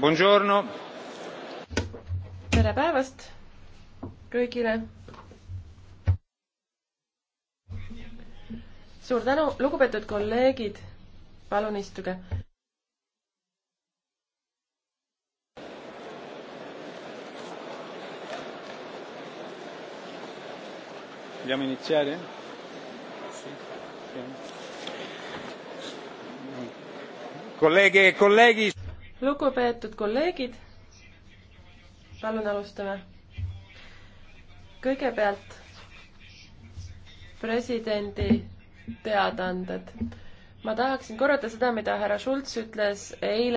Buongiorno. tere päevast kõigile. suur tänu, lugupeetud kolleegid, palun istuge. Vogliamo iniziare? Sì. Colleghe e colleghi lugupeetud kolleegid, palun alustame. kõigepealt presidendi teadaanded. ma tahaksin korrata seda, mida härra Schulz ütles eile